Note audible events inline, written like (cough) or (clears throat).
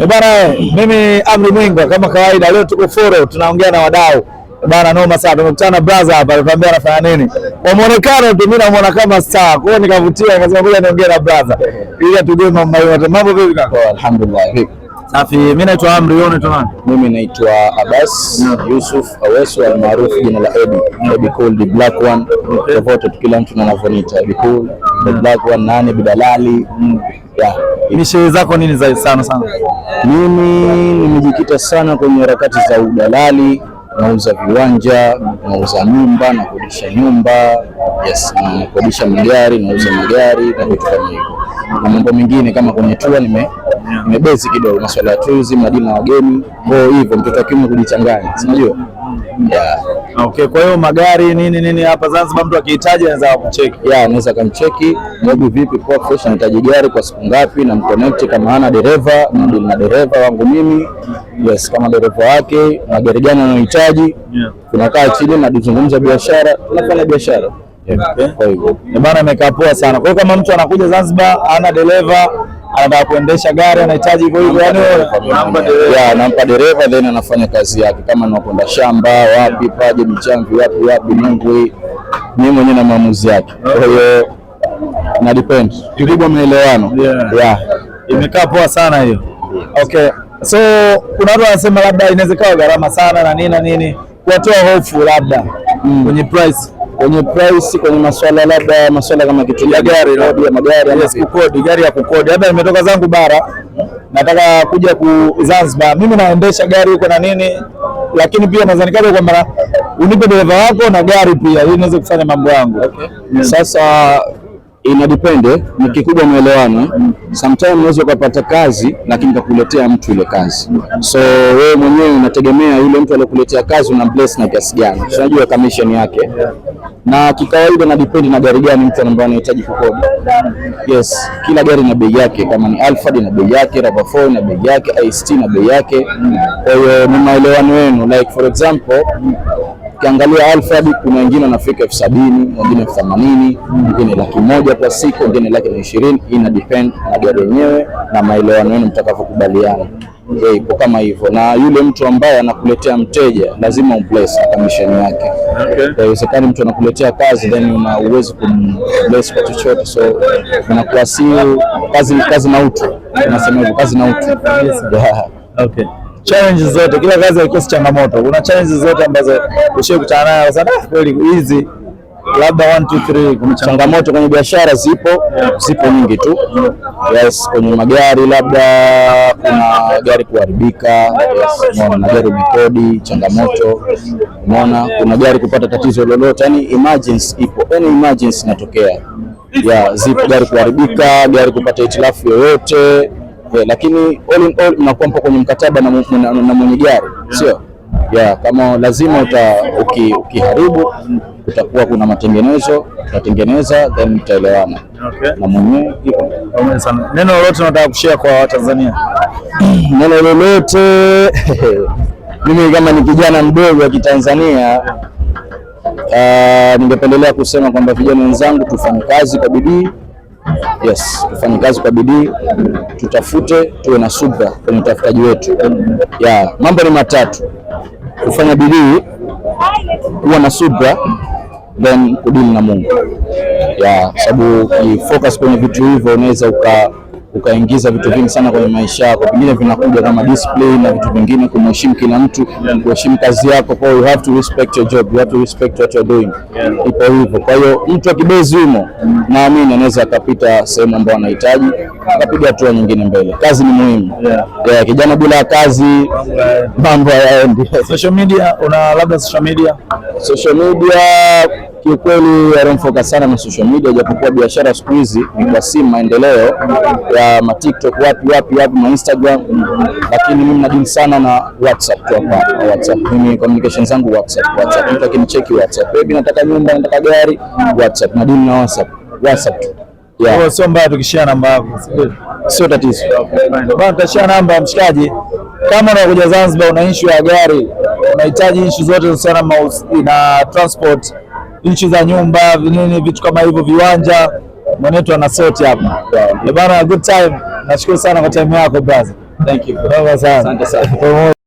Eh, bwana, eh, mimi Amri Mwinga kama kawaida, leo tuko foro, tunaongea na wadau eh, bana. Noma sana, tumekutana brother hapa, nikamwambia anafanya nini. Kwa muonekano tu mimi namuona kama star, kwa hiyo nikavutia, nikasema ngoja niongee na brother ili atujue mambo yote. Mambo vipi kaka? Alhamdulillah. Safi, mimi naitwa Amri, wewe unaitwa nani? Mimi naitwa Abbas Yusuf Aweso almaarufu jina la Ebi. Ebi cool the black one. Tofauti kila mtu anavyoniita Ebi cool the mm. black one, nani bidalali. Mm. Yeah. Mishe zako nini za sana sana? Mimi nimejikita sana kwenye harakati za udalali, nauza viwanja, nauza nyumba, nakodisha nyumba, yes, nakodisha magari, nauza magari na vitu kama hivyo, na mambo mengine kama kwenye tua nime mebezi kidogo, masuala ya tuzi madini na wageni, kwa hivyo mtoto akimu kujichanganya, si unajua. Yeah. Okay, kwa hiyo magari nini nini hapa Zanzibar mtu akihitaji anaweza kumcheki. Yeah, anaweza kumcheki. Mwebu vipi kwa fresh anahitaji gari kwa siku ngapi na mconnect kama hana dereva, mimi na dereva wangu mimi. Yes, kama dereva wake, magari gani anahitaji. Yeah. Tunakaa chini na kuzungumza biashara, tunafanya biashara. Yeah. Okay. Kwa hivyo. Eh, bana, amekaa poa sana. Kwa hiyo kama mtu anakuja Zanzibar ana dereva anataka kuendesha gari, anahitaji hivyo hivyo, yani nampa dereva, then anafanya kazi yake, kama ni kwenda shamba wapi, paje michango wapi wapi, Mungu mimi mwenyewe na maamuzi yake. Kwa hiyo na depend tulibwa maelewano yeah. Imekaa poa sana hiyo okay. So kuna watu wanasema labda inaweza kawa gharama sana na nini na nini, kuwatoa hofu labda mm. kwenye price kwenye price, kwenye masuala labda masuala kama kitu ya gari labda magari ama kukodi gari ya kukodi, labda nimetoka zangu bara nataka kuja ku Zanzibar, mimi naendesha gari huko na nini, lakini pia nadhani kaja kwamba unipe dereva wako na gari pia, ili niweze kufanya mambo yangu. Okay. Yeah. Sasa ina depende eh. ni kikubwa mwelewano. Sometimes unaweza ukapata kazi lakini kakuletea mtu ile kazi, so wewe mwenyewe unategemea yule mtu aliyokuletea kazi una bless na kiasi gani, unajua commission yake na kikawaida na depend na gari gani mtu ambaye anahitaji kukodi. Yes, kila gari na bei yake, kama ni Alphard na bei yake, RAV4 na bei yake, IST na bei yake. Kwa hiyo ni maelewano yenu, like for example Ukiangalia Alphard kuna wengine wanafika elfu sabini wengine elfu themanini wengine laki moja kwa siku wengine laki na ishirini. Ina depend na gari yenyewe na maelewano yenu mtakavyokubaliana yeah, ipo kama hivyo, na yule mtu ambaye anakuletea mteja lazima umbless commission yake. Haiwezekani okay. Mtu anakuletea kazi then una uwezo kumbless kwa chochote, so unakuwa si kazi, kazi na utu, unasema hivyo, kazi na utu yeah. (laughs) Okay. challenge zote, kila kazi haikosi changamoto. Kuna challenge zote ambazo ushakutana nayo sana ah, kweli hizi labda 1 2 3 changamoto kwenye biashara zipo, zipo nyingi tu. Yes, kwenye magari labda kuna gari kuharibika. Yes, na gari mikodi changamoto, umeona kuna gari kupata tatizo lolote, yani emergency ipo, any emergency inatokea. Yeah, zipo gari kuharibika, gari kupata hitilafu yoyote. Yeah, lakini all in all unakuwa mpo kwenye mkataba na, na, na mwenye gari sio? Yeah, kama lazima uta ukiharibu uki kutakuwa kuna matengenezo, tutatengeneza then tutaelewana. Okay. na mwenyewe neno lolote nataka kushare kwa Watanzania? (clears throat) neno lolote (laughs) mimi kama ni kijana mdogo wa Kitanzania uh, ningependelea kusema kwamba vijana wenzangu, tufanye kazi kwa bidii. Yes, tufanye kazi kwa bidii, tutafute, tuwe na subra kwenye utafutaji wetu. Yeah, mambo ni matatu: kufanya bidii, kuwa na subra then kudimu na Mungu ya yeah, sababu ukifocus kwenye vitu hivyo unaweza uka ukaingiza vitu vingi sana kwenye maisha yako, pengine vinakuja kama display na vitu vingine, kumheshimu kila mtu, kuheshimu kazi yako. Kwa hiyo you have to respect your job, you have to respect what you're doing, ipo hivyo. Kwa hiyo mtu akibezi humo, naamini anaweza akapita sehemu ambayo anahitaji, akapiga hatua nyingine mbele. Kazi ni muhimu yeah. Yeah, kijana bila kazi mambo hayaendi. Social media, una labda social media, social media Kiukweli anamfocus sana na social media, japokuwa biashara siku hizi kwa simu maendeleo ya ma TikTok wapi wapi wapi ma Instagram, lakini mimi najini sana na WhatsApp tu hapa. WhatsApp mimi communication zangu WhatsApp, WhatsApp mtu akinicheki WhatsApp, baby, nataka nyumba, nataka gari, WhatsApp nadini na WhatsApp, WhatsApp tu Yeah. Sio mbaya tukishia namba yako, sio tatizo bwana, Tutashia namba mshikaji, kama unakuja Zanzibar una issue ya gari, unahitaji issue zote sana na transport nchi za nyumba vinini vitu kama hivyo viwanja ana anasoti hapa bana, good time. Nashukuru sana kwa time yako brother. Thank you. Asante sana.